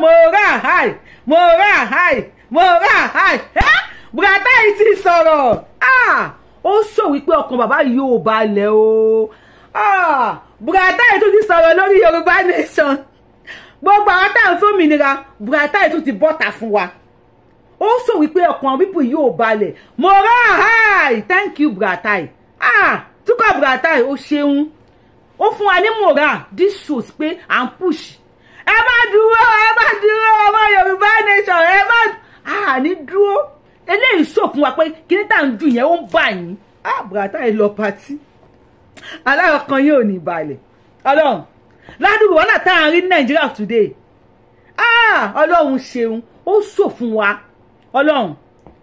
mo rà háì mo rà háì mo rà háì ẹ́ bùrọ̀dá yìí ti sọ̀rọ̀ ah, ó sọ wípé ọkàn bàbá yìí ò balẹ̀ o ah, bùrọ̀dá yìí tún ti sọ̀rọ̀ lórí Yorùbá Nation gbogbo àwọn táwọn fún òmìnira bùrọ̀dá yìí tún ti bọ́ta fún wa ó sọ wípé ọkàn pípọ̀ yìí ò balẹ̀ mo rà thank you bùrọ̀dá yìí ah, túkọ̀ bùrọ̀dá yìí ó ṣeun ó fún wa ní mo this shows pé à push ẹ má dúró ẹ má dúró ọmọ yorùbá nation ẹ má àní dúró eléyìí sọkún wa pé kíní tá à ń dùn yẹn ó ń bà yín àbùràtà yìí lọ patí aláwọ̀ kan yóò ní balẹ̀ ọlọ́run ládùúgbò wàhálà tá à ń rí nàìjíríà today ọlọ́run ṣeun ó sọ fún wa ọlọ́run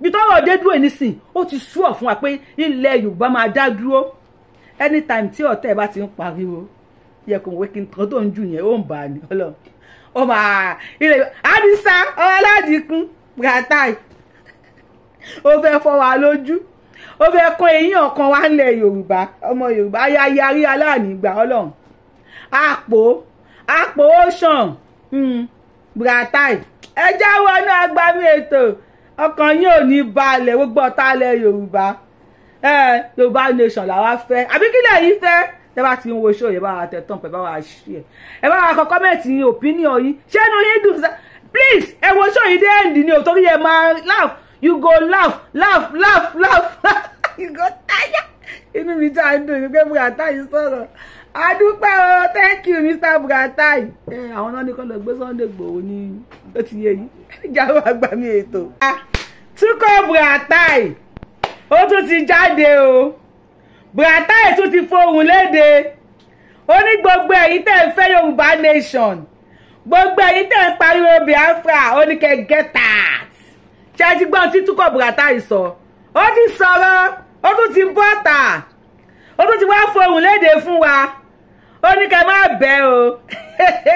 bí tọ́rọ̀ dé dúró nísìn ó ti sú ọ fún wa pé ilẹ̀ yorùbá máa dá dúró anytime tí ọ̀tá ẹ̀ bá ti ń pariwo yẹ kò wé kí n kan tó ń jù yẹn ó ń bà á ní ọlọ́run ọmọ ilé àdìsá ọládìkún gàtáì ó fẹ́ fọ́ wa lójú ó fẹ́ kọ́ eyín ọ̀kan wá nílẹ̀ yorùbá ọmọ yorùbá ayayarí aláànígbà ọlọ́run àpò àpò ocean hmm, gàtáì ẹ jáwọ́ inú agbami ètò ọkàn yín ò ní balẹ̀ gbogbo ọ̀tá ilẹ̀ yorùbá yorùbá nation làwa fẹ́ àbí kílẹ̀ yìí fẹ́ tẹ́ bá ti ń wo show yẹn bá wa tẹ̀ tán pẹ̀ bá wa share ẹ bá wa kọ kọ́mẹ̀tì yín opinion yín ṣé inú yín dùn sá please ẹ wo show yìí dé end ni o torí ẹ máa laugh you go laugh laugh laugh laugh you go tire inú mi tá a dùn ní pé Buratai sọ̀rọ̀ adúpẹ́ o thank you Mr. Buratai àwọn náà ní kọ́ lọ gbé Sunday Igboho ní ó ti yé yìí jáwọ́ àgbà mi ètò. Ah, túkọ̀ Buratai ó tún ti jáde o. Buratai tún ti fohùn léde ó ní gbogbo ẹ̀yin tẹ̀ ń fẹ́ Yorùbá nation gbogbo ẹ̀yin tẹ̀ ń pariwo Biafra ó ní kẹ́ get out ṣáàtì gbọ́n tí túkọ̀ Buratai sọ ó ti sọ̀rọ̀ ó tún ti bọ́ta ó tún ti wá fohùn léde fún wa ó ní kẹ́ má bẹ́ o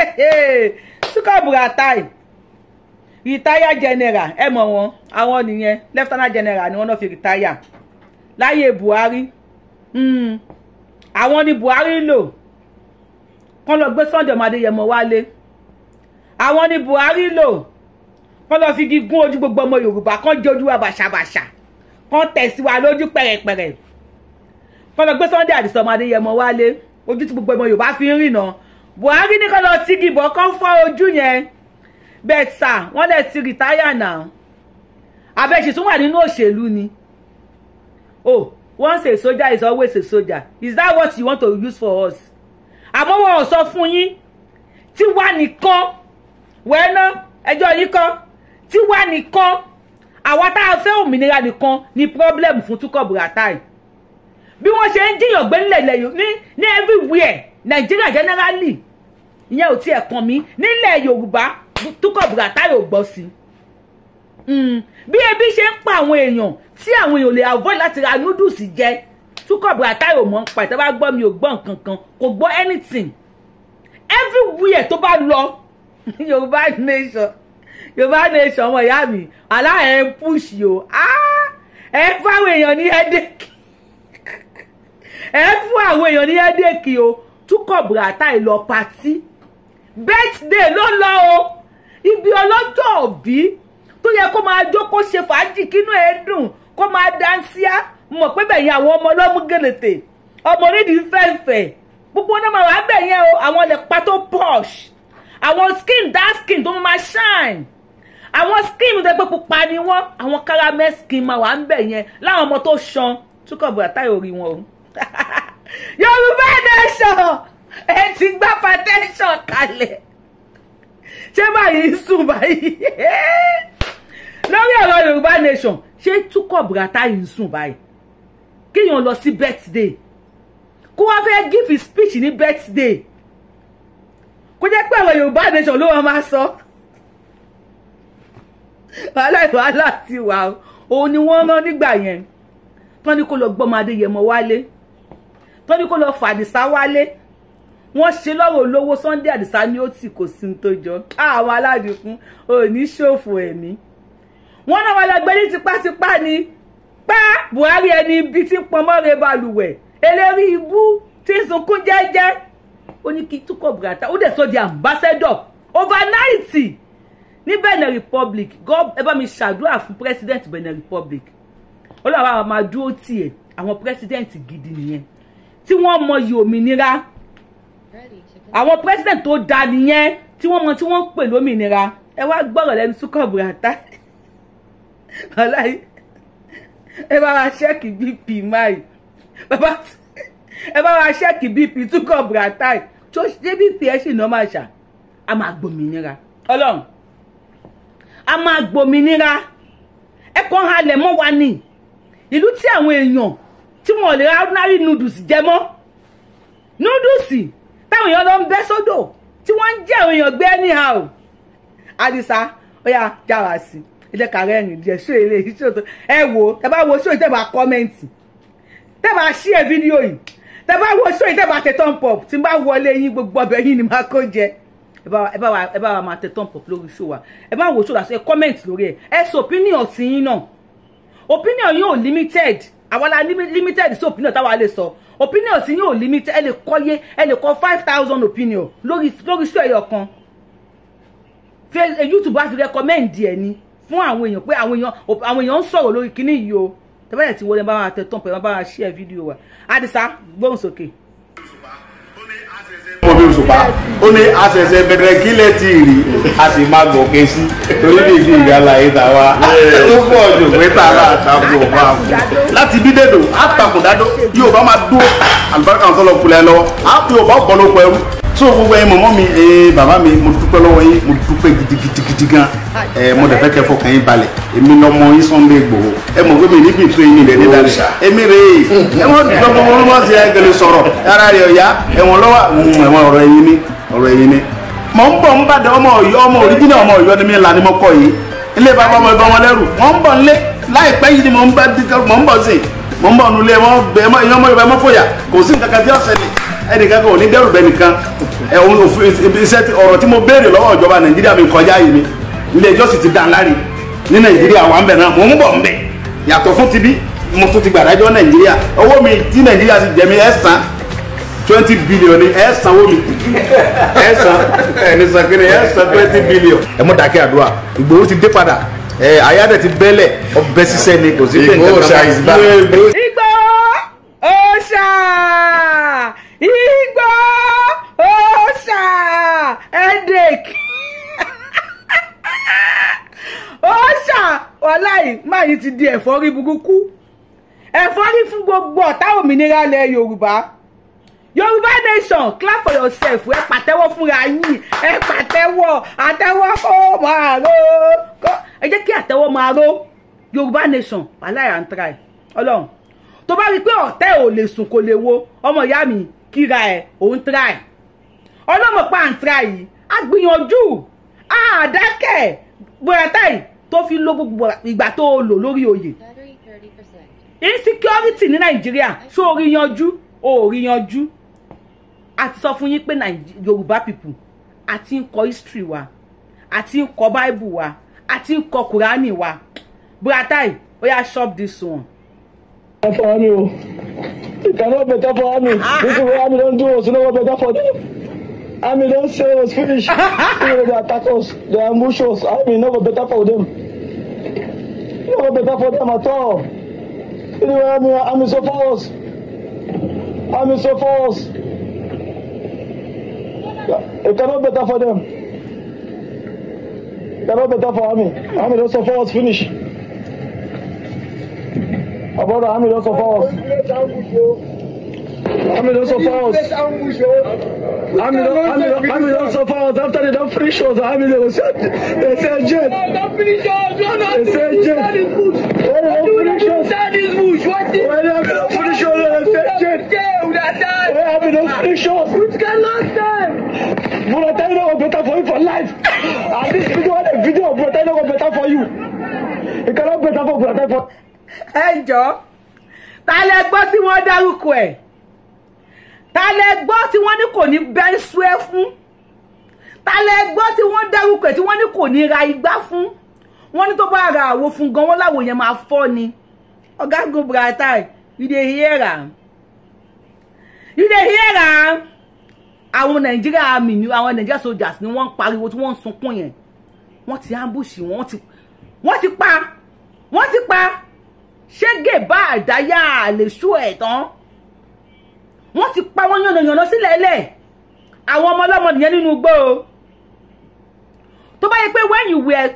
túkọ̀ Buratai rìtáyà general ẹ mọ̀ wọn àwọn nìyẹn lẹ́fítánà general ni wọ́n náà fi rìtáyà láyé Buhari Hmm. àwọn ni Buhari lò kán lọ gbé Sunday ọmọ Adéyẹmọ wálé àwọn ni Buhari lò kán lọ fi igi gún ojú gbogbo ọmọ Yorùbá kán jẹ ojú wa bàṣàbàṣà kán tẹ̀ sí wa lójú pẹ̀rẹ̀pẹ̀rẹ̀ kán lọ gbé Sunday àdìsọ ọmọ Adéyẹmọ wálé ojú tí gbogbo ọmọ Yorùbá fi ń rìnà Buhari ní kán lọ sí ìdìbò kán fọ́ ojú yẹn bẹ́ẹ̀ sà wọ́n lẹ̀ ti rìtáyà náà àbẹ̀ṣì tún wà nínú òṣèlú ni. Oh once a soldier is always a soldier is that what you want to use for us àmọ́ wọn ò sọ fún yín tí wà nìkan wẹ́ẹ́ná ẹjọ́ yìí kan tí wà nìkan àwa tá a fẹ́ òmìnira nìkan ni problem fún Túkọ̀ Buratai bí wọ́n ṣe ń jiyàn gbé nílẹ̀ ní ní everywhere Nigeria generally ìyẹn ò tiẹ̀ kàn mí nílẹ̀ Yorùbá Túkọ̀ Buratai ò gbọ́ sí i. Mm. bí ebi ṣe ń pa àwọn èèyàn tí àwọn èèyàn lè avoid láti ra noodles jẹ túkọ̀bù àtàyò mọ́ ń pa ìtàbá gbọ́ mi ò gbọ́ nǹkan kan kò gbọ́ anything everywhere tó bá lọ yorùbá nation yorùbá nation ọmọ ìyá mi aláàyè ń push o ah! ẹ fún àwọn èèyàn ní headache ẹ fún àwọn èèyàn ní headache o túkọ̀bù àtàyè lọ patí birthday ló lọ o ibi ọlọ́jọ́ òbí tó yẹ kó máa jó kó ṣe fàájì kínú ẹ̀ dùn kó máa dáńsíá mọ̀ pé bẹ̀yìn àwọn ọmọ ọlọ́mú gẹ̀lẹ̀tẹ̀ ọmọ onídìí fẹ̀fẹ̀ gbogbo náà máa wà bẹ̀yìn o àwọn lẹ̀pa tó posh àwọn skin dark skin tó máa shine àwọn skin tó gbé pupa ni wọ́n àwọn caramel skin máa wà ń bẹ̀ yẹn láwọn ọmọ tó ṣan túkọ̀ bùrátà yóò rí wọn o Yorùbá nation ẹ ti gbá patension kalẹ̀ ṣé báyìí sùn báyìí. lórí ọ̀rọ̀ yorùbá nation ṣé túkọ̀ bùrátà yìí ń sùn báyìí kéèyàn lọ sí birthday kó wá fẹ́ give his speech ní birthday kó jẹ́ pé ọ̀rọ̀ yorùbá nation ló wọ́n máa sọ wàhálà ìwàhálà ti wà òun ni wọ́n rán nígbà yẹn tán ni kó lọ gbọ́mọ adéyẹmọ wálé tán ni kó lọ fàdìsá wálé wọ́n ṣe lọ́rọ̀ olówó sunday àdìsá ni ó tì kò sí ní tó jọ káàwọn aládìkún òní ṣòfò ẹ̀mí wọ́n náà wọ́n lọ gbé ní tipátipá ni pé Buhari ẹni ibi tí ń pọnmọ́ re balùwẹ̀ eléri ibú tí ń sunkún jẹ́jẹ́ ó ní kí túkọ̀ bùràtà ó dẹ̀ sọ di ambassador overnight ní Benin Republic God ẹ bá mi ṣàdúrà fún president Benin Republic olùwàwà àwọn máa dúró tiẹ̀ àwọn president gidi nìyẹn tí wọ́n mọyì òmìnira àwọn president tó da nìyẹn tí wọ́n mọ tí wọ́n ń pè lómìnira ẹ wá gbọ́rọ̀ lẹ́nu túkọ̀ bùràtà ọláyé ẹ bá wa ṣẹ́ẹ̀kì bp máì bàbá ẹ bá wa ṣẹ́ẹ̀kì bp túkọ̀ bratai tó ṣe bp ẹ sì ná máa ṣà a máa gbòmìnira ọlọ́run a máa gbòmìnira ẹ kàn halẹ̀ mọ́ wa ni ìlú tí àwọn èèyàn tí wọn ò lè ra ordinary noodles jẹ mọ́ noodles táwọn èèyàn lọ ń bẹ́ sódò tí wọ́n ń jẹ́ àwọn èèyàn gbé anyhow àdìsá ó yà já wa sí i ẹ jẹ́ ká rẹ́rìn díẹ̀ ṣó eré yìí ṣó tó ẹ wò tẹ bá wo ṣó yìí tẹ bá kọ́mẹ́ǹtì tẹ bá ṣí ẹ fídíò yìí tẹ bá wo ṣó yìí tẹ bá tẹ tọ́ǹ pọ̀ tí n bá wọlé yín gbogbo ọbẹ̀ yín ni máa kó jẹ ẹ bá wa máa tẹ tọ́ǹ pọ̀ lórí ṣó wa ẹ bá wo ṣó wa kọ́mẹ́ǹtì lórí ẹ ẹ sọ opinion sí yín náà opinion yín limited àwa limited sí opinion táwa lè sọ opinion sí yín limited ẹ lè kọ́ yé ẹ lè kọ́ five thousand opinion lórí lórí ṣó ẹyọ kan YouTube á fi recommend ẹ ní fún àwọn èèyàn pé àwọn èèyàn àwọn èèyàn ń sọ̀rọ̀ lórí kinní yìí o tẹ́fẹ́lẹ̀ tí wọlé bá wa tẹ tán pẹ̀lú bá wa share fídíò wa Àdìsá gbóhùn sókè. mo bí òṣùpá ó ní àṣẹ̀ṣẹ̀ bẹ̀rẹ̀ kílẹ̀ tí ì rí a sì máa gọ̀ ké sí torí bí ìdí ìgbà láyé ta wa ó pọ̀ jù pé tààrà àtàkùn ọba àbú láti bí dèdò àtàkùn dádó yóò bá máa dúró àlùbáríkà ń sọ lọ kulẹ̀ lọ so gbogbo ẹ mọ̀mọ́ mi ẹ bàbá mi mo dúpẹ́ lọ́wọ́ yín mo dúpẹ́ gidigidigidi gan ẹ mo dẹ̀ fẹ́ kẹ́ fọkàn yín balẹ̀ èmi lọmọ yín Sunday Igboho ẹ mọ̀ pé mi níbi ìtú eyín rẹ̀ nídàlẹ̀ èmi rè é ẹ wọ́n dúpẹ́ mọ́ wọn wọ́n ti ẹgbẹ̀rẹ̀ sọ̀rọ̀ ara rẹ̀ ọ̀yá ẹ̀wọ̀n lọ́wọ́ mm, ẹ̀wọ̀n ọ̀rọ̀ ẹ̀yin ni ọ̀rọ̀ ẹ̀yin ni mọ̀ ń bọ̀ ń bàdàn ọmọ Ọ̀yọ́ ọmọ òrìjìnà ọmọ Ọ̀yọ́ ni mi là ni mo kọ́ yìí ilé bàbá ọmọ ìbọn wọn lẹ́rù mọ̀ ń bọ̀ nlé láìpẹ́ yìí ni mọ̀ ń bọ̀ sí mọ̀ ń bọ̀ nulẹ̀ mọ̀ ń bẹ̀ ọmọ ìyọ́mọ Yorùbá mọ̀ fòyà kò sí nǹkan kan tí ó ṣẹlẹ̀ ẹnìkan kan ò ní dẹ́rù bẹ́ẹ̀ nìkan ọ̀rọ̀ tí mo béèrè lọ́wọ́ ìjọba nàìjíríà mi kọjá yìí mi ilé sì ti dá láre ní nàìjíríà wà ń bẹ̀ náà mò ń bọ̀ ń bẹ̀ yàtọ̀ fún tibí mo tún ti gbàdájọ́ nàìjíríà owó mi tí nàìjíríà ti jẹ mi ẹ̀ san twenty billion ni ẹ̀ san owó mi ẹ̀ san ẹ̀ni sàkiri ẹ̀ san twenty billion. ẹ mú dàkẹ́ àdúrà ìgbòho ti dé padà àyádẹ ti bẹ́lẹ̀ ọbẹ̀ sísẹ́ ni kò sí pé nǹkan kan bá. ìgbòho ṣá igbó ọ̀sà headache ọ̀sà ọ̀láyìí máa yìí ti di ẹ̀fọ́rí burúkú ẹ̀fọ́rí fún gbogbo ọ̀tá òmìnira ilẹ̀ yorùbá yorùbá nation clap for yourself ẹ pàtẹ́wọ́ fúnra yín ẹ pàtẹ́wọ́ àtẹ́wọ́ kó máa ró ẹ jẹ́ kí àtẹ́wọ́ máa ró yorùbá nation wàhálà ẹ̀ à ń tra ẹ̀ ọlọ́run tó bá rí i pé ọ̀tẹ́ ò lè sùn kò lè wo ọmọ ìyá mi kíra ẹ̀ òun try ọlọ́mọ pa à try yìí a gbìyànjú àdákẹ́ buratai tó fi lo gbogbo ìgbà tó o lò lórí oyè insecurity ní nàìjíríà ṣó o rí yanjú o ò rí yanjú a ti sọ fún yín pé yorùbá people a ti ń kọ history wa a ti ń kọ bible wa a ti ń kọ kùránì wa buratai oya shop this one for army o e cannot better for army this is what army don do us e no go better for them army don sell us finish say dey attack us dey ambush us army no go better for them e no go better for them at all see so way army army suffer us army suffer us e cannot better for them e cannot better for army army don suffer us finish. My brother Hamid also falls. Hamid also falls. Hamid, Hamid, Hamid also falls after they don't finish us. Hamid was they said us. They said jet. When they don't finish us, when they don't finish us, they said jet. When Hamid don't finish us, Muratino got better for you for life. And this video, the video of Muratino got better for you. It cannot better for Muratino. ẹ jọ ta lẹ gbọ́ tí wọ́n dárúkọ ẹ̀ ta lẹ gbọ́ tí wọ́n ní kò ní bẹ́ńsúẹ́ fún ta lẹ gbọ́ tí wọ́n dárúkọ ẹ̀ tí wọ́n ní kò ní ra igbá fún wọ́n ní tó bá ra àwo fún gan wọ́n láwo yẹn máa fọ́ ni ọ̀gágun Buratai you dey hear am you dey hear am àwọn Nàìjíríà àmì ni àwọn Nàìjíríà soldiers ni wọ́n ń pariwo tí wọ́n ń sunkún yẹn wọ́n ti ambush wọ́n ti pa wọ́n ti pa ṣégè bá àdáyà lè sú ẹ̀ tán wọ́n ti pa wọ́n yànnàyànnà sílẹ̀ ẹlẹ̀ àwọn ọmọ ọlọ́mọ nìyẹn nínú igbó o tó bá yẹ pé when you were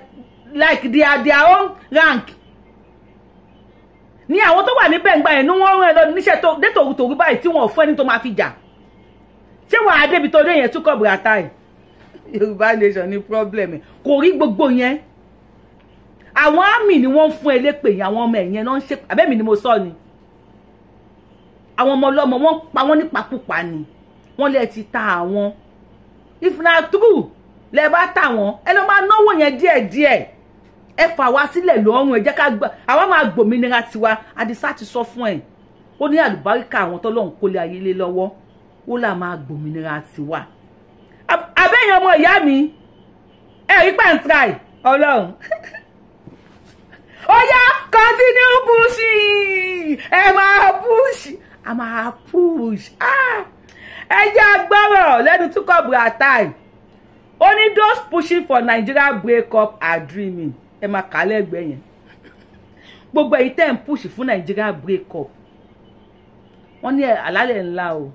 like their their own rank ní àwọn tó wà níbẹ̀ ń gba ẹ̀ ní wọ́n rán ẹ lọ níṣẹ́ tó dé tòwútòwú báyìí tí wọ́n fún ẹni tó máa fi jà ṣé wàá débi tó dé yẹn túkọ̀ bùràtà ẹ̀ Yorùbá nation ní problem kò rí gbogbo yẹn àwọn àmì ni wọ́n ń fún elépè yẹn àwọn ọmọ ẹ̀yẹn náà ń ṣe àbẹ́mi ni mo sọ ni àwọn ọmọ ọlọ́mọ wọ́n pa wọ́n nípakúpa ni wọ́n lè ti ta àwọn if na true lẹ bá tà wọ́n ẹ lọ máa náwó yẹn díẹ̀díẹ̀ ẹ fà wá sílẹ̀ lọ́rùn ẹ jẹ́ ká gbà àwa máa gbòmìnira tiwa àdìsá ti sọ fún ẹ̀ ó ní àlùbáríkà àwọn tọ́lọ́hún kólé ayé lé lọ́wọ́ ó là máa gbòmìnira tiwa abẹ́yẹn ọmọ ìyá mi ẹ̀rí pàǹtíráì ọlọ́run ó yá continue pushing ẹ máa push a máa push ah! ẹ jẹ́ agbọ́rọ̀ lẹ́nu túkọ̀ buratai ó ní those pushing for Nigeria break up are dreaming ẹ máa kà á lẹ́gbẹ̀ẹ́ yẹn gbogbo èyí tẹ́ ń push fún Nigeria break up wọ́n ní àlálẹ̀ ńlá o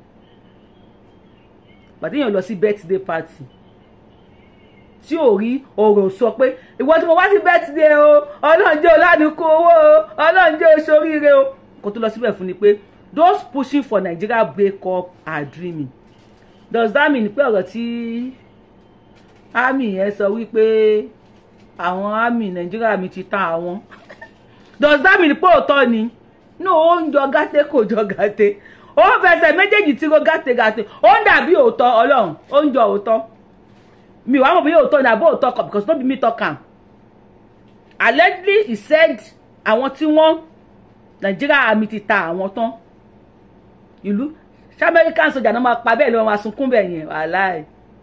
pàtẹ́yìn lọ sí birthday party tí ò rí ọ̀rọ̀ sọ pé ìwọ tí mo wá sí bẹ́tìdé o ọlọ́run jẹ́ owó o ọlọ́run jẹ́ o kò tó lọ síbẹ̀ fún ni pé those pushing for Nigeria break up are dreaming does that mean pé ọ̀rọ̀ tí army yẹn sọ wípé àwọn army Nigeria mi ti tán àwọn does that mean pé òótọ́ ni no ó ń jọ gàtẹ́ kò jọ gàtẹ́ ó fẹsẹ̀ méjèèjì tí kò gàtẹ́ ó ń dàbí òótọ́ ọlọ́run ó òótọ́ mi wàá mọ̀ bí yóò tọ́ ni àbó talk up because no be me talk am allegedly he said àwọn tí wọ́n Nigeria army ti ta àwọn tán ìlú ṣé American soldier náà máa pa bẹ́ẹ̀ lọ́wọ́ máa sunkún bẹ́ẹ̀ yẹn wàláì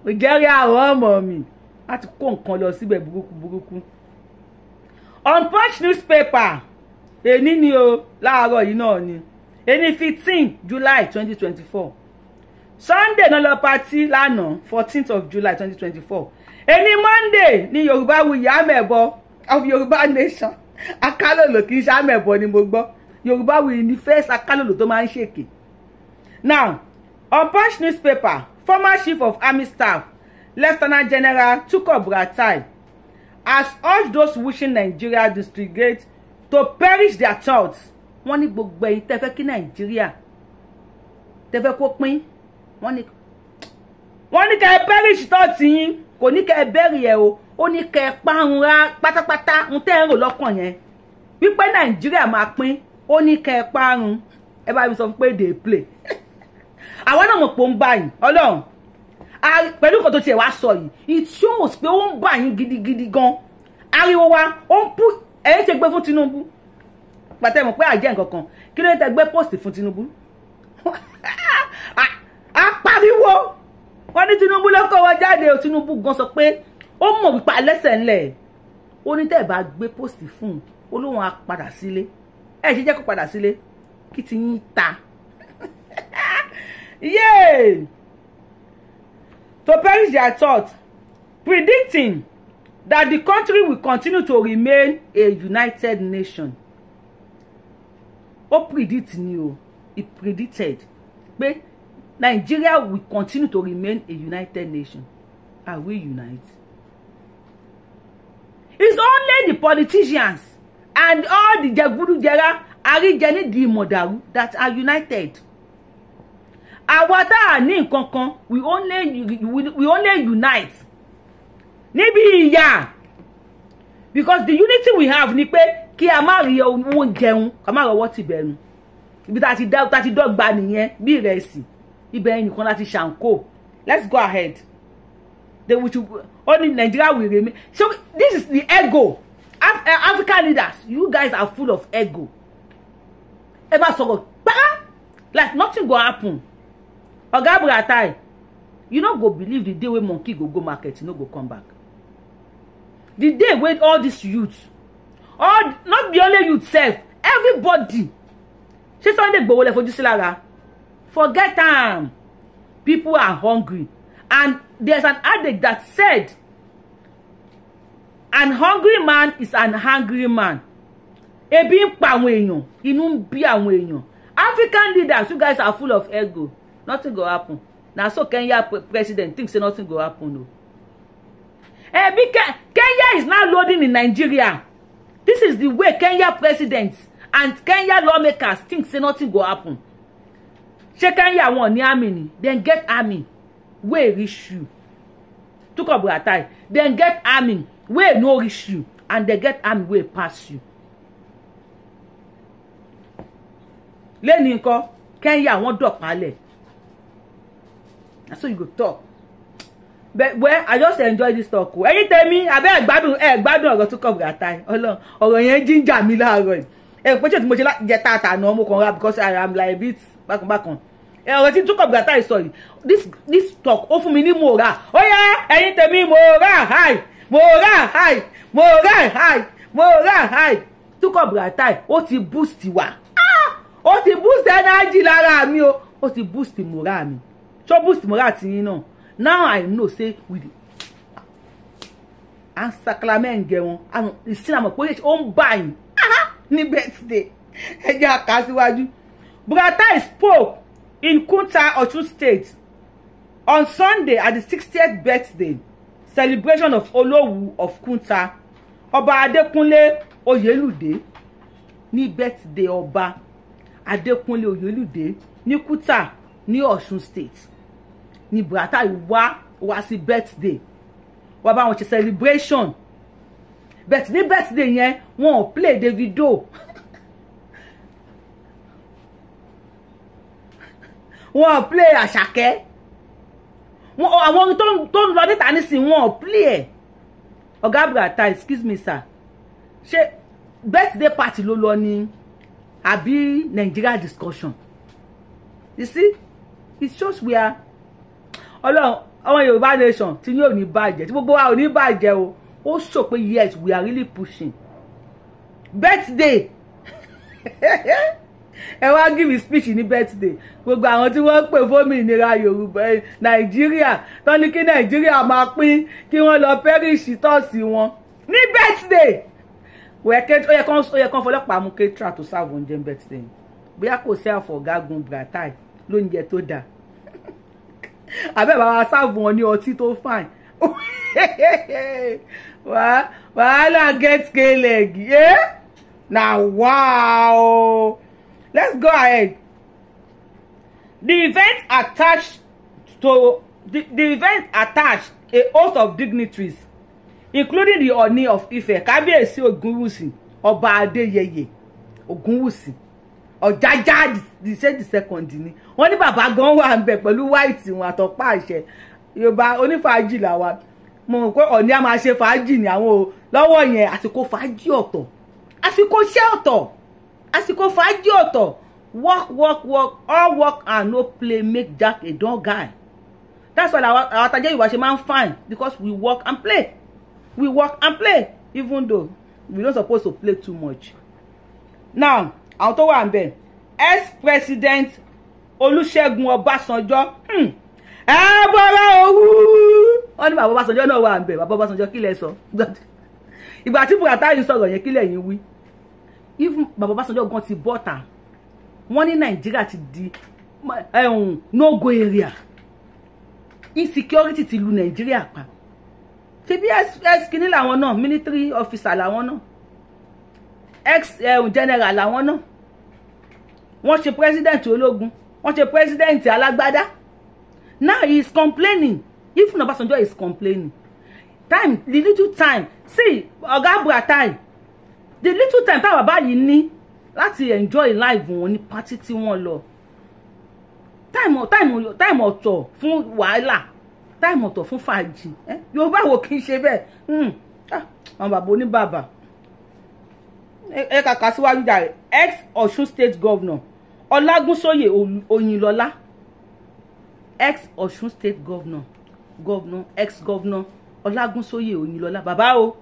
Nigeria àwọn ọmọ mi láti kó nǹkan lọ síbẹ̀ burúkú burúkú unpunch newspaper èní ni o láàárọ̀ yìí náà ni èní fifteen July twenty twenty four sunday náà lọ patí lánàá fourteenth of july twenty twenty four èmi monday ni yorùbá wu àmẹ̀bọ of yorùbá nation akálòlò kì í ṣe àmẹ̀bọ ni mo gbọ́ yorùbá wuyì ni first akálòlò tó máa ń ṣèké now on punch newspaper former chief of army staff lieutenant general tukur buratai has urged those wishing nigeria disintegrate to perish their thoughts wọ́n ní gbogbo ẹ̀yin tẹ́fẹ́ kí nàìjíríà tẹ́fẹ́ kó pín wọ́n ní wọ́n ní kẹ́ ẹ bẹ́rì ṣìtọ́ọ̀tì yín kò ní kẹ́ ẹ bẹ́rì ẹ̀ o ó ní kẹ́ ẹ parun ra pátápátá ń tẹ́ ẹ rò lọ́kàn yẹn wípé nàìjíríà máa pín ó ní kẹ́ ẹ parun ẹ bá mi sọ pé dey play àwọn náà mọ̀ pé ó ń báyìí ọlọ́run pẹ̀lú nǹkan tó tiẹ̀ wá sọ yìí it shows pé ó ń bà yín gidigidi gan ariwo wa ó ń pú ẹ̀yìn tẹ gbé fún Tinubu pàtẹ́ mọ̀ pé àjẹ́ nǹkan kan kí ló ń tẹ gbé post fún Tinubu wọ́n ní Tinubu ló kó jáde o Tinubu gan sọ pé ó mọ̀ wípé alẹ́sẹ̀ ńlẹ̀ ó ní tẹ́ ẹ̀ bá gbé post fún un olóhùn á padà sílé ẹ̀ ṣe jẹ́ kó padà sílé kí ti yín ta yay to perish their thought predicting that the country will continue to remain a united nation ó predict ni o he predicted pé Nigeria will continue to remain a united nation. Are we unite? It's only the politicians and all the jẹgúdújẹrá àríjẹni di modaru that are united. Our tá a ní nǹkan we only we only unite níbi ìyà because the unity we have ni pé kí a má rí owó jẹun ká má rọwọ́ tìbẹ̀rù ibi tá a ti dọ́gba nìyẹn bí ìrẹsì ibẹ̀ nìkan láti ṣàǹkó let's go ahead they will ó ní Nigeria will remain so this is the ego Af uh, African leaders you guys are full of ego ẹ bá sọ̀rọ̀ pàá ah, like nothing go happen Oga Buratai you no go believe the day wey monkey go go market You no go come back the day wey all these youths all not be only youth sef everybody ṣé Sunday Igboho lè fojú sí lára forget am people are hungry and there's an addict that said an hungry man is an hungry man ebi ń pa àwọn èèyàn inú ń bí àwọn èèyàn african leaders you guys are full of ego nothing go happen na so kenya president think say nothing go happen o ebi kenya is now loading in nigeria this is the way kenya president and kenya lawmakers think say nothing go happen ṣé Kenya wọn ní army ni then get army wey reach you tukobu atai then get army wey no reach you and they get army wey pass you. lẹ́ni nǹkan Kenya wọ́n dọ̀pálẹ̀ na so you go talk but well i just enjoy this talk o ẹ̀yin tèmi abẹ́ ẹ gbádùn ẹ gbádùn ọ̀rọ̀ tó kọ̀ọ̀bù àtàyè ọlọ́run ọ̀rọ̀ yẹn jíjà mi láàárọ̀ yìí ẹ pé ṣé tí mo ṣe jẹ tààtà náà mo kàn ra because i am like bit bákanbákan ẹ ọ̀rọ̀ tí Jacob Gatai sọ yìí this this talk ó fún mi ní moral ó yẹ ẹ̀yin tèmi hi, high hi, high hi, high hi. high Jacob Gatai ó ti boost wa ah! ó ti boost energy lára mi o ó ti boost moral mi ṣó boost moral ti yín náà now I know say we dey and sacrament gẹ wọn and islam pé ó ń bá yín ah! Ni birthday ẹ jẹ́ àkàsíwájú Gatai spoke in Kunta, Osun State. On Sunday, at the 60th birthday celebration of Olowu of Kunta, Ọba Adékúnlé Oyèlúdé ní birthday Oba, Adekunle Oyèlúdé ni Kunta ni Ọ̀ṣun State. ni brata wá wasi birthday. Wọ́n bá celebration. but ní birthday yẹn, wọn ò play video. wọn ò play àṣàkẹ́ àwọn orin tó ń lọ níta nísìnyí wọn ò play ẹ̀ ọ̀gá àbúràtà excuse me sir ṣé birthday party ló lọ ni àbí Nigeria discussion you see it shows we are ọlọ́run ọmọ yorùbá nation tí yóò ní bàjẹ́ tí gbogbo wa ò ní bàjẹ́ o ó sọ pé yes we are really pushing birthday ẹ wá gíbi speech ní birthday gbogbo àwọn tí wọ́n pè fómi ìnira yorùbá eh, nàìjíríà tó ní kí nàìjíríà máa pín kí wọ́n lọ pẹ́rìṣì tọ́sí wọn ní birthday ó yẹ kán fọlọ́pàá mú kétra tó sáàbù oúnjẹ ní birthday bóyá kò sí àfọ̀gágun bratai lóúnjẹ tó dáa àbẹ́ bàbá sáàbù wọn ní ọtí tó fine wàhálà get kleg eh? na wàá o. Wow let's go ahead the event attached to the, the event attached a host of dignitaries including the Oni of Ife Kábíyèsí Ògúnwùsì Ọba Adéyẹyè Ògúnwùsì Ọ̀jájá the same the second ni wọ́n ní bàbá gan wà ń bẹ̀ pẹ̀lú white wọn àtọ̀pá àṣẹ Yorùbá onífàájì làwa mo mọ̀ pé Ọ̀ọ̀ni a máa ṣe fàájì ní àwọn lọ́wọ́ yẹn àsìkò fàájì ọ̀tọ̀ àsìkò iṣẹ́ ọ̀tọ̀ àsìkò fàájì ọ̀tọ̀ work work work all work and no play make Jack a dull guy that's why our our tajẹ́ ìwà ṣe máa ń fine because we work and play we work and play even though we don't suppose to play too much now àwọn tó wà ń bẹ̀ ex-president Olúṣẹ́gun Ọbásanjọ́ hmm. ẹ bọ́lá owó wọ́n ní bàbá Ọbásanjọ́ náà wà ń bẹ̀ bàbá Ọbásanjọ́ kí lẹ sọ ìgbà tí Buhari sọ̀rọ̀ yẹn kí lẹ̀yin wí even bàbá Ọbásanjọ́ gan ti bọ́ta wọ́n ní nàìjíríà ti di um, no go area insecurity ti lu nàìjíríà pa ṣebí ex-kini làwọn náà military officer làwọn náà ex-general làwọn náà wọ́n ṣe president ológun wọ́n ṣe president alágbádá now he is complaining if Ọbásanjọ́ is complaining time the little time see Oga ọ̀gá Buratai the little time táwọn bàbá yìí ní láti enjoy life wọn ní pátí tí wọ́n lọ time táìmù táìmù ọ̀tọ̀ fún wàhálà Time ọ̀tọ̀ fún fàájì yorùbá wo kì í ṣe bẹ́ẹ̀ hmm. ah, àwọn bàbá oníbàbà ẹ kàkà síwájú jàre ex Ọ̀ṣun state governor Ọlágúnsóyè Oyinlọlá ex Ọ̀ṣun state governor governor ex governor Ọlágúnsóyè Oyinlọlá bàbá o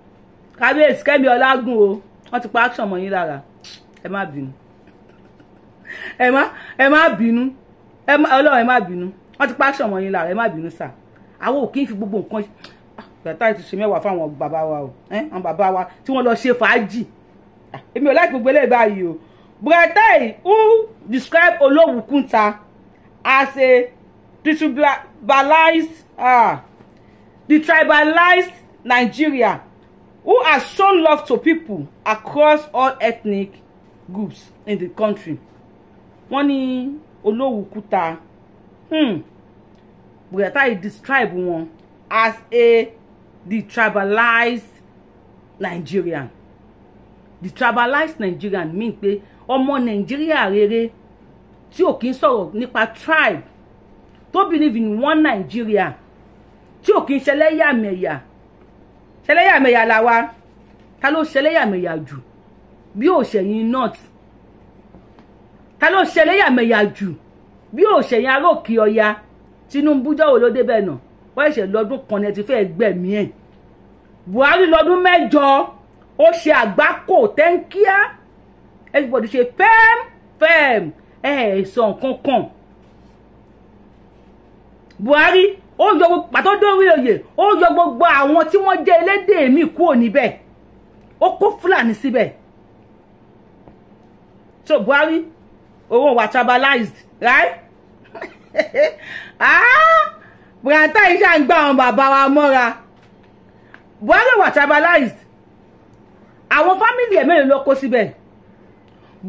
kábíyèsí Kẹ́mi Ọlágún o wọ́n ti pa action mọ́ yín lára ẹ má bínú ẹ má ẹ má bínú ẹ má ọlọ́run ẹ má bínú wọ́n ti pa action mọ́ yín lára ẹ má bínú sà àwọn ò kí ń fi gbogbo nǹkan ah, bàtà ti ṣe mẹ́wàá fáwọn bàbá wa o àwọn bàbá wa tí wọ́n lọ ṣe fàájì ah, èmi ò láì gbogbo eléyìí báyìí o Buratai who describe Olowukunta as a tribalized ah, the tribalized Nigeria who has shown love to people across all ethnic groups in the country wọ́n ní olówú kúta hmm, Buratai describe wọn as a detribalized Nigerian detribalized Nigerian mean pé ọmọ Nàìjíríà rere tí ò kí ń sọ̀rọ̀ nípa tribe tó believe in one Nigeria tí ò kí ń ṣẹlẹ́yàmẹ̀yà ṣẹlẹ́yàmẹ̀yà la wa ta ló ṣẹlẹ́yàmẹ̀yà jù bí òṣèyìn north ta ló ṣẹlẹ́yàmẹ̀yà jù bí òṣèyìn aróòkè ọya Tinubu jọ̀wọ́ ló débẹ̀ náà wọ́n ṣẹ̀ lọ́dún kan ní ẹ ti fẹ́ gbẹ̀mí ẹ̀ Buhari lọ́dún mẹ́jọ ó ṣe àgbákò tẹ́ńkíá everybody ṣe fẹ́m fẹ́m ẹ̀ ẹ̀ sọ nǹkan kan Buhari ó yọ gbogbo pàtó dórí oyè ó yọ gbogbo àwọn tí wọ́n jẹ́ elédè mi kúrò níbẹ̀ ó kó fúlàní síbẹ̀ so buhari owó wa tribalized right ah bùràǹtà yìí ṣáà ń gbà àwọn bàbá wa mọ́ra buhari wà tribalized àwọn fámìlì ẹ̀ mẹ́rin ló kó síbẹ̀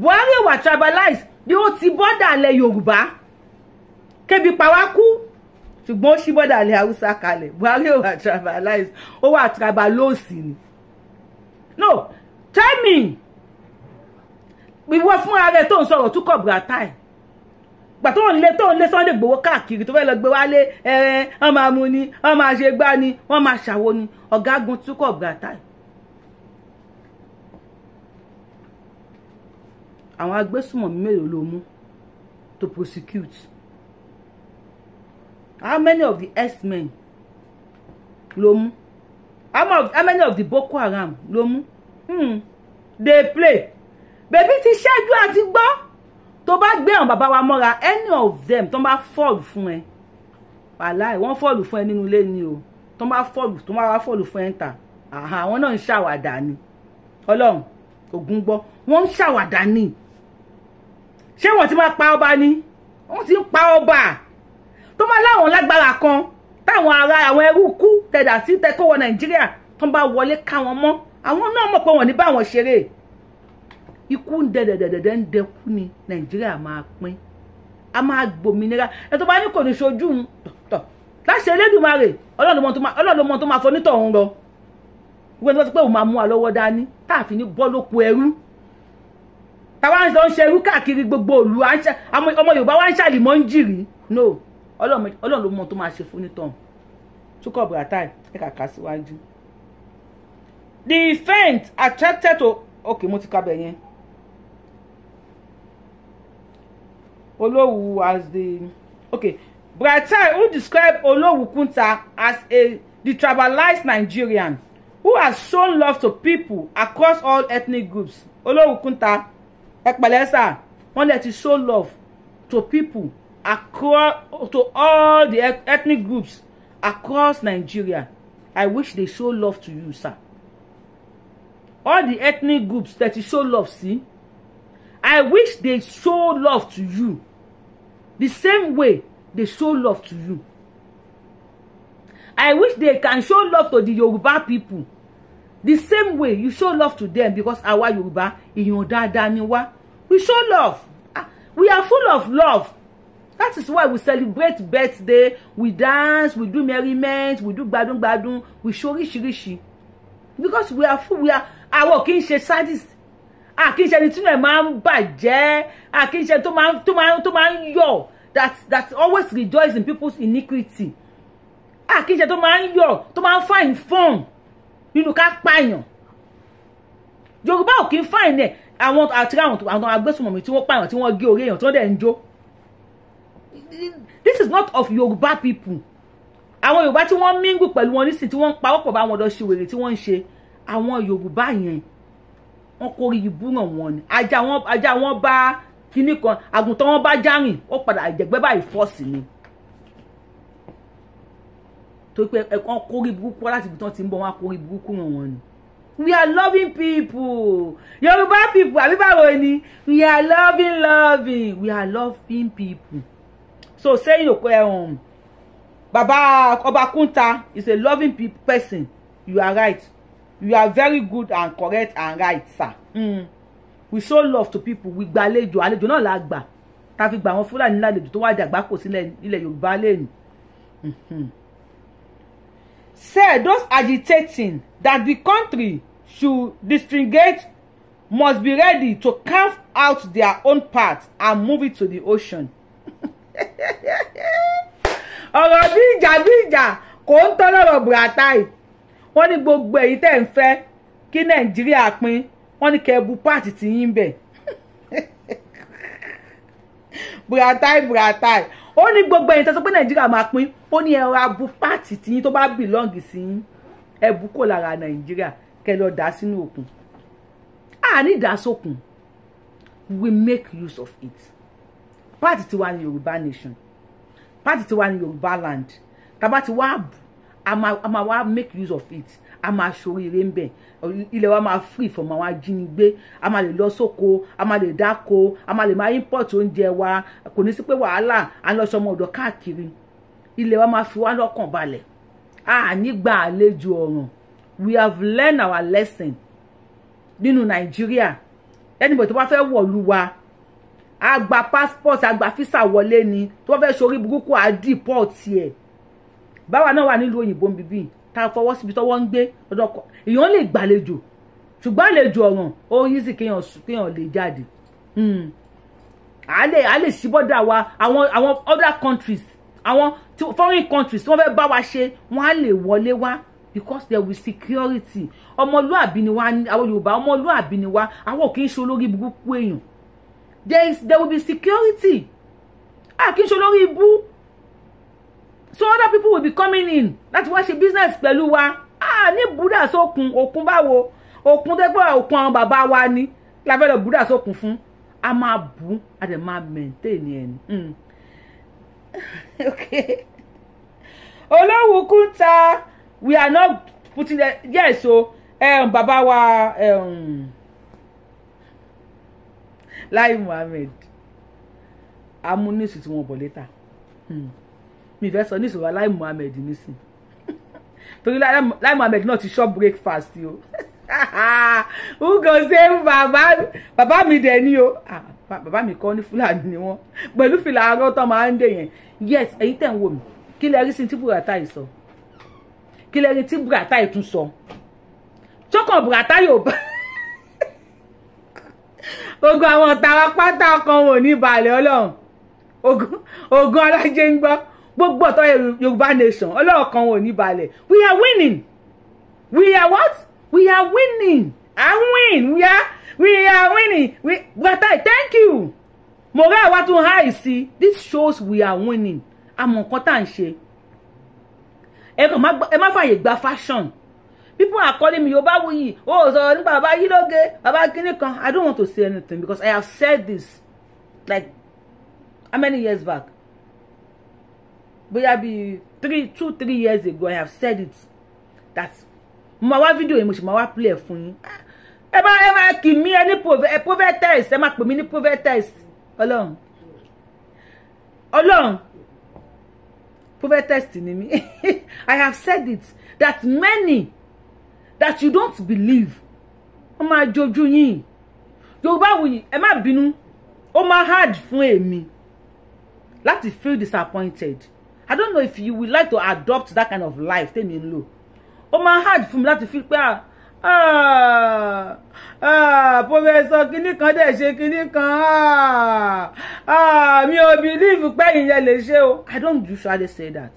buhari wà tribalized bí ó ti bọ́dà ilẹ̀ yorùbá kébi pa wá kú ṣùgbọ́n ó ṣí bọ́dà ilẹ̀ haúsá kalẹ̀ buhari ò wà tribalize ó wà tribalóòsì ni no tell me ìwọ fúnra rẹ tó ń sọ̀rọ̀ tún kọ̀ bùrátà ẹ̀ gbà tó ń lé tó ń lé Sunday Igboho káàkiri tó fẹ́ lọ gbé wálé ẹ̀ẹ́ wọ́n máa mu ni wọ́n máa ṣe gbá ni wọ́n máa ṣàwo ni ọ̀gágun túkọ̀ bùrátà ẹ̀. àwọn agbésùmọ̀mí mélòó ló mú to prosecute how many of the x-men ló mú how many of the boko haram ló mú hmm. dey play bèbí ti ṣẹ́jú àti gbọ́ tó bá gbé àwọn bàbá wa mọ́ra any of them tó bá fọ́ọ̀lù fún ẹ wàláì wọ́n fọ́ọ̀lù fún ẹ nínú ilé ni o tó bá fọ́ọ̀lù tó bá fọ́ọ̀lù fún ẹ ń ta àwọn náà ń ṣàwàdà ni ọlọ́run ògún gbọ́ wọ́n ń ṣàwàdà ni ṣé wọ́n ti máa pa ọba ni wọ́n ti ń pa ọba tó máa láwọn lágbára kan táwọn ará àwọn ẹrú kú tẹ̀dà sí tẹ́kọ̀ wọ nàìjíríà tó ń bá wọlé ká wọn mọ́ àwọn náà mọ̀ pé wọ́n ní bá wọn ṣeré ikú ń dẹ̀dẹ̀dẹ̀dẹ̀ ń dẹkú ni nàìjíríà máa pín a máa gbòmìnira ẹ tó bá ní kò ní ṣojú ń tọ̀ láṣẹ Elédùmarè ọlọ́run mọ tó máa fọ nítọ̀hún lọ wọ́n ti wọ́n ti pé òun máa mú wa lọ́wọ́ dání tá a fi ní bọ́ lóko ẹrú táwa ń ṣe ẹrú káàkiri gbogbo òlu ọmọ Yorùbá wa ń ṣàlìmọ́ ń jìrì no ọlọ́run ló mọ tó máa ṣe fún nítàn Túkọ̀ Buratai ẹ kàkà síwájú. the event attracted to okay mo ti kábẹ̀ yẹn Olowu as the Ok, Buratai who described Olowu Kunta as a the tribalized Nigerian who has shown love to people across all ethnic groups Olowu Kunta ẹ pẹ̀lẹ́ sà wọ́n lè ti show love to people across to all the ethnic groups across Nigeria I wish they show love to you sir all the ethnic groups that you show love see, I wish they show love to you the same way they show love to you I wish they can show love to the Yoruba people the same way you show love to them because our Yoruba èèyàn dáadáa ni wá we show love ah, we are full of love that is why we celebrate birthday we dance we do merriment we do gbadungbadun we show oríṣiríṣi because we are full we are àwọn kì í sadist a kì í ṣe ẹni tí náà máa ń bàjẹ́ a kì í ṣe tó máa tó máa tó máa ń yọ̀ that that always rejoice in people's iniquity a kì í ṣe tó máa ń yọ̀ tó máa ń find fun nínú ká pààyàn yorùbá ò kì í find ẹ̀ àwọn àti àwọn àgbésùnmọ̀mí tí wọ́n pààyàn tí wọ́n gé orí èèyàn tí wọ́n dẹ̀ ń jó this is not of Yoruba people àwọn Yorùbá tí wọ́n mingle pẹ̀lú wọn nísìnyí tí wọ́n ń pawọ́pọ̀ bá wọn lọ ṣe wèrè tí wọ́n ń ṣe àwọn Yoruba yẹn wọ́n kórè ìbú ràn wọ́n ni ajá wọn ajá wọn bá kinní kan àgùntàn wọn bá járìn ó padà àjẹgbẹ́ báyìí fọ́ọ̀sì ni torí pé ẹ̀kan kórè burúkú láti ibi tí wọ́n ti ń bọ̀ wọ́n á kórè burúkú ràn wọ́n ni we are loving people Yoruba people àbí báwo ni we are loving loving we are loving people so saying um, baba obakunta is a loving person you are right you are very good and correct and right sir mm. we show love to people we gba àlejò àlejò lagba. la gbà ta fi gba àwọn fúlàní lálejò tó wá dàgbà kò sílẹ̀ ilẹ̀ yorùbá lẹ́nu. Mm-hmm. say those agitating that the country should distinguish must be ready to carve out their own part and move it to the ocean ọ̀rọ̀ bí ìjà bí ìjà kò ń tọ́ lọ́rọ̀ buratai wọ́n ní gbogbo èyí tẹ̀ ń fẹ́ kí nàìjíríà pín wọ́n ní kẹ́ẹ̀bù páàtì ti yín bẹ̀ buratai buratai ó ní gbogbo èyí tẹ́ sọ pé nàìjíríà máa pín ó ní ẹ̀rọ abu páàtì ti yín tó bá bìlọ́ǹgì sí yín ẹ̀bù kò lára nàìjíríà kẹ́ lọ dá sínú òkun àní ìdásókun we make use of it páàtì tiwa ní yorùbá nation páàtì tiwa ní yorùbá land tàbá ti wá a máa wá make use of it a máa ṣoríire ń bẹ ilẹ̀ wa ma free from àwọn ajínigbé a máa lè lọ sóko a máa lè dáko a máa lè máa import oúnjẹ wa kò ní sí pé wàhálà à ń lọ sọmọ ọ̀dọ̀ káàkiri ilẹ̀ wa máa fi wá lọ́kàn balẹ̀ a nígbà àlejò ọ̀ràn we have learned our lesson nínú nàìjíríà anybody tó bá fẹ́ wọ̀lú wa àgbà passport àgbà fisa wọlé ni tó fẹ́ sori burúkú àdìpọ́ọ̀tì ẹ̀ báwa náà wà nílùú òyìnbó bíbí tá a fọwọ́ síbi tọ́wọ́ ń gbé ọ̀dọ́kọ̀ èèyàn lè gbàlejò ṣùgbọ́n àlejò ọ̀ràn ó yí sí kéèyàn kéèyàn lè jáde hmm. a lè a lè ṣí bọ́dà wa àwọn àwọn other countries àwọn foreign countries tí wọ́n fẹ́ bá wa ṣe wọ́n á lè wọlé wá because there will security ọmọlúàbí ni wa àwọn yorùbá ọmọlúàbí ni wa àwọn kì í ṣe olórí burúkú èèyàn there is there will be security Ah, kì í ṣe olórí ibú so other people will be coming in láti wá ṣe business pẹ̀lú wa a ní buddha sókun òkun báwo òkun tẹ́gbọ́n òkun àwọn bàbá wa ni la fẹ́ lọ buddha sókun fún a máa bù a dẹ̀ máa maintain ẹ̀ ni. Hmm. olówó kúta we are not putting the yes o um, baba wa. Um, Lai Muhammed amúnísì tí wọ́n bọ̀ létà hmm. mi fẹ́ sọ nísìsiyìí wa Lai Muhammed nísìn torí Lai Muhammed náà ti shop breakfast o ugo ṣe ń bàbá bàbá mi dẹ̀ ni o ah, bàbá mi kọ́ ní Fúlàní ni wọ́n pẹ̀lú fìlà arọ́ tán máa ń dè yẹn yes èyí tẹ̀ ń wò mí kí lẹ rí sí tí Buratai sọ kí lẹ rí tí Buratai tún sọ ṣọ́kàn Buratai ò bá. ogun àwọn ọ̀tá pátá ọkàn wọn ní balẹ̀ ọlọ́run ogun ọlọ́jẹ́ ń gbọ́ gbogbo ọ̀tọ̀ yorùbá nation ọlọ́run kan wọn ní balẹ̀ we are winning we are what we are winning i win we are we are winning we gbata thank you morale wa tún high sí this shows we are winning àmọ̀ nǹkan tá à ń ṣe ẹ má fààyè gba fashion people are calling me Yorubawuyi Oh, sọ̀rọ̀ nípa bàbá yìí lóge bàbá kínní kan i don't want to say anything because i have said this like how many years back bóyá bíi three two three years ago i have said it that mo máa wá fídíò mo sì máa wá play ẹ̀ fún yín ẹ bá ẹ máa kì mí ẹ ní prophetess ẹ máa pè mí ní prophetess ọlọ́run ọlọ́run prophetess ni mi. i have said it that many that you don't believe ó máa jojú yín Yorùbáwùyí ẹ má bínú ó máa hard fún èmi láti feel disappointed I don't know if you would like to adopt that kind of life tèmi ń lò ó hard fún mi láti feel pé ah ah ah professor kinní kan dẹ̀ ṣe kinní kan ah ah mi ò believe pé ìyẹn lè ṣe o I don't usually say that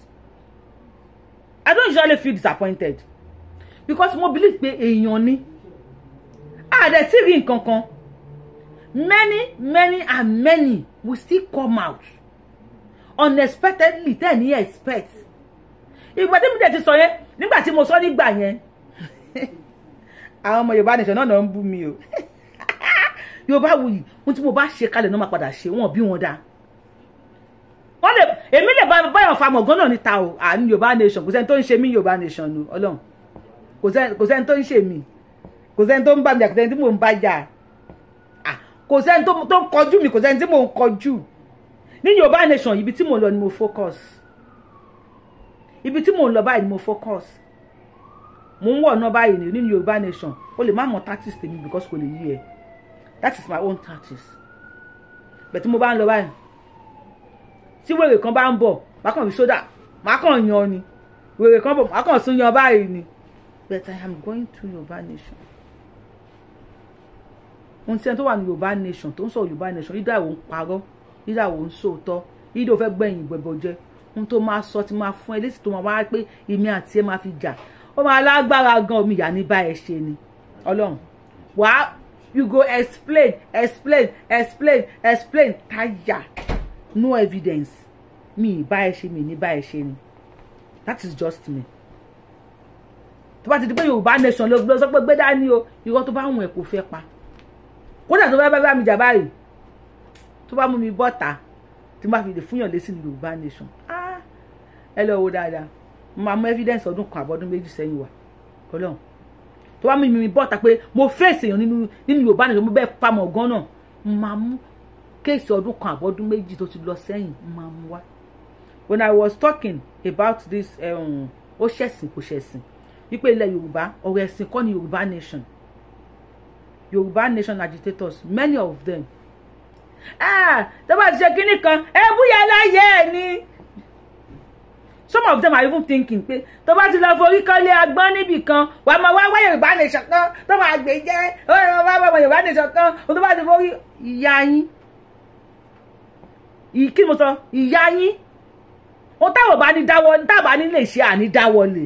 I don't usually feel disappointed because mo believe pé èèyàn ni àdẹ̀ tí rí nǹkan kan many many and many will still come out unexpectedly tẹ́ ní expect ìgbà tí mi dẹ̀ ti sọ yẹn nígbà tí mo sọ nígbà yẹn àwọn ọmọ Yorùbá nation náà náà ń bú mi o Yorùbá wuyì ohun tí mo bá ṣe kalẹ̀ náà máa padà ṣe wọn bí wọn dáa wọ́n lè èmi lè báyọ̀ famọ̀ gan náà níta o àní Yorùbá nation kò sẹ́ni tó ń ṣe mí Yorùbá nation Ọlọ́run kò sẹ́ni tó ń ṣe mí kò sẹ́ni tó ń bá mi jà kò sẹ́ni tí mò ń bá jà kò sẹ́ni tó ń kọjú mi kò sẹ́ni tí mò ń kọjú ní Yorùbá nation ibi tí mò ń lọ ni mo focus ibi tí mò ń lọ báyìí ni mo focus mo ń wọ̀ ọ̀nà báyìí nínú Yorùbá nation o lè má mọ tactics tèmi because kò lè yí ẹ that is my own tactics bẹ̀ tí mo bá ń lọ báyìí tí wèrè kan bá ń bọ̀ máa kàn fi sódà máa kàn yan ni wèrè kan bọ̀ máa kàn sún yan báyìí ni but I am going to Yorùbá nation ohun tí ẹni tó wà ní Yorùbá nation tó ń sọ Yorùbá nation yídà ìwò ń parọ́ yídà ìwò ń sòótọ́ yídà òfẹ́ gbẹ̀yìn ìgbẹ̀bọ̀ jẹ ohun tó máa sọ ti máa fún ẹ lẹ́sìn tó máa wá pé èmi àti ẹ máa fi jà ó máa lágbára gan omi ìyá ní bá ẹ ṣe ni Ọlọ́run wàá you go explain explain explain explain taya no evidence mi ì bá ẹ ṣe mi ní bá ṣe ni that is just me tó bá ti di pé yorùbá nation ló gbé sọ gbé dání o irọ́ tó bá wùn ẹ̀ kò fẹ́ pa kódà tó bá bá bá mi jà báyìí tó bá mú mi bọ́ta tí má fi lè fúnyàn lé sí ní yorùbá nation ah, ẹ lọ wo dáadáa mo máa mú evidence ọdún kan àbọ̀dún méjì sẹ́yìn wá ọlọ́run tó bá mú mi bọ́ta pé mo fèsì èèyàn nínú nínú yorùbá nation mo bẹ́ẹ̀ pamọ́ gan-an mo máa mú kéèsì ọdún kan àbọ̀dún méjì tó ti lọ sẹ́yìn mo máa mú wá when i was talking about this um, ó ṣẹ̀sìn kò ṣẹ̀sìn wípé ilẹ̀ yorùbá ọ̀rọ̀ ẹ̀sìn kọ́ ni yorùbá nation yorùbá nation agitators many of them ah, tó bá ti ṣe kínní kan ẹ búyà láyé ẹ ni some of them are even thinking pé tó bá ti lọ forí kan lé agbọ́n níbì kan wà á máa wá wá yorùbá nation kan tó máa gbé jẹ́ ó máa wá wá yorùbá nation kan tó bá ti forí ìyá yín kí ni mo sọ ìyá yín ohun táwọn bá ní dáwọ́ táwọn bá ní lè ṣe àní dáwọ́ lè.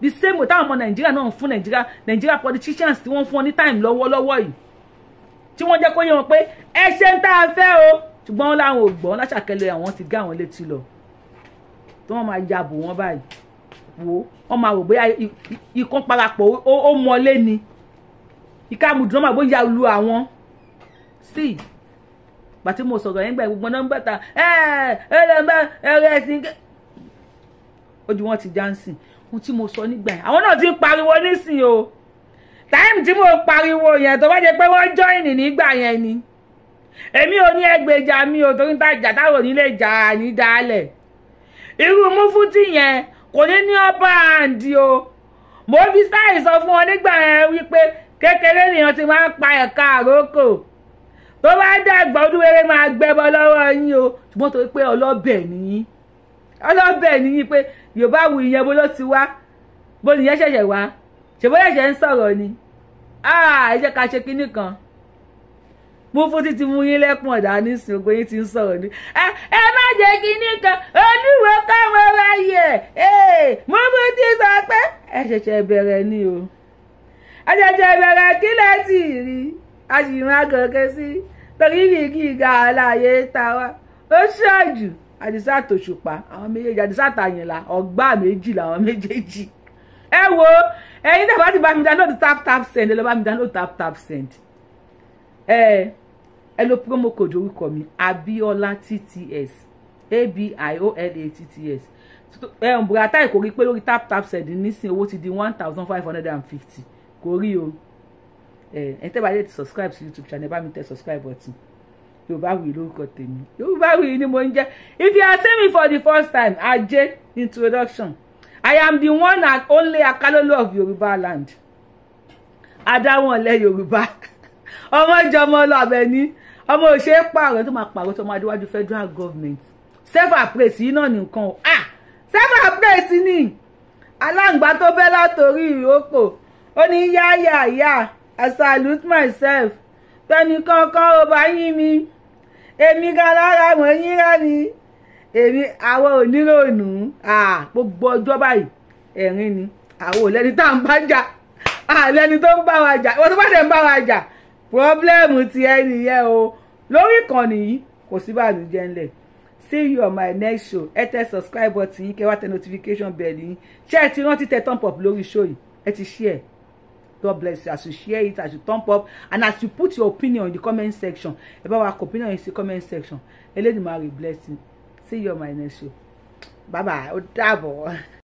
the same way táwọn ọmọ nàìjíríà náà ń fún nàìjíríà nàìjíríà politicians tí wọ́n fún ọ ní time lọ́wọ́lọ́wọ́ yìí tí wọ́n jẹ́ kó yé wọn pé ẹ ṣe ń tá a fẹ́ o ṣùgbọ́n láwọn ò gbọ́ láṣàkẹ́lẹ̀ àwọn ti gá àwọn létí lọ tí wọ́n máa jabò wọn báyìí wo wọ́n máa wò bóyá ikán parapọ̀ ó mọlé ni ìka mùdùnú máa bóyá lu àwọn sí gbàtí mo sọ̀rọ̀ yẹn gbà gbogbo nọ́mbà ta ẹ̀ẹ́dẹ̀ẹ́dẹ́ ẹ̀rẹ́ ẹ̀sìn ojú wọn ti já ń sìn ohun tí mo sọ nígbà yẹn àwọn náà ti ń pariwo nísìnyí o táìmù tí mo pariwo yẹn tó bá jẹ pé wọ́n jọ́ìnì nígbà yẹn ni èmi ò ní ẹgbẹ̀jà mi ò torí tájà táwọn onílé ìjà ní dálẹ̀ irú múfútì yẹn kò ní ní ọba àǹdí o mo fi sáì sọ fún wọn nígbà yẹn wípé kékeré nìyẹn ti máa ń pa ẹ̀ka àrókò tó bá dàgbà ọdún eré máa gbẹ́bọ lọ́wọ́ yín o ṣùgbọ́n torí pé ọlọ́bẹ̀ nìyí ọlọ́bẹ̀ nìyí pé yorùbá wù ìyẹn bó ló ti wá bó nìyẹn ṣẹ̀ṣẹ̀ wá ṣèbóyẹ̀ṣẹ̀ ń sọ̀rọ̀ ni ah, ẹ ká ṣe kinní kan mo fún títí mú yín lẹ́kùn ọ̀dà nísìnyí ogun yín ti ń sọ̀rọ̀ ni ẹ má jẹ́ kinní kan olúwo káwọn ráyè ẹ mo mú ti sọ pé ẹ ṣẹ̀ṣẹ̀ bẹ̀rẹ̀ ni o ẹ ṣẹ̀ṣẹ̀ bẹ̀rẹ̀ kí lẹ́ ti rí a sì máa kọ̀ọ̀kan sí torí ní kí ìgbà ọ̀la ta wá ó ṣáàjù àdìsá àtòṣùpá àwọn méjèèjì àdìsá àtàyìnlá ọgbà méjì làwọn méjèèjì ẹ wo ẹyin tẹ̀ bá ti bá mi download tap tap send ẹ lọ bá mi download tap tap send ẹ ẹ lo promo code orúkọ mi abiola tts abiolatts ẹ̀hún bùrátà kò rí pé lórí tap tap send nísìnyí owó ti di one thousand five hundred and fifty kò rí o ẹ̀ ẹ̀ tẹ́ bá yẹ ti subscribe sí youtube channel bá mi tẹ subscribe button. Yorùbáwùyí lórúkọ tèmi Yorùbáwùyí ni mo ń jẹ́ if you are seeing me for the first time ajé introduction I am the one and only Akalolo of Yorùbá land adáwọ̀nlẹ̀ Yorùbá ọmọ ìjọmọ lọ Àbẹ̀ní ọmọ òṣèré pààrọ̀ tó máa pààrọ̀ tó máa déwájú federal government self appraise yìí náà nìkan o ah self appraise ni aláǹgbá tó bẹ́ látòrí ìrókò ó ní yáyà yá I salute myself tẹnìkan kan ò bá yín mi èmi gan lára mọ̀ yín rẹ́ ni èmi àwọn ò nílò ònú gbogbo ọjọ́ báyìí ẹ̀rín ni àwọn ò lẹ́ni tá à ń bá jà àlẹ́ni tó ń bá wa jà ìwọ́n tó bá dẹ̀ ń bá wa jà pọ́blẹ́mù ti ẹ nìyẹn o lórí ìkànnì yìí kò sí bànújẹ́ ńlẹ̀ see you on my next show ẹ tẹ subscribe button yín kẹ́ wá tẹ notification bell yín ṣé ẹ ti rántí tẹ thumb lórí show yìí ẹ ti share. God bless you as you share it as you thump up and as you put your opinion in the comment section ẹ bá wa opinion in the comment section Elédùmarè bless blessing. see you on my next show bye bye ó dàbọ̀.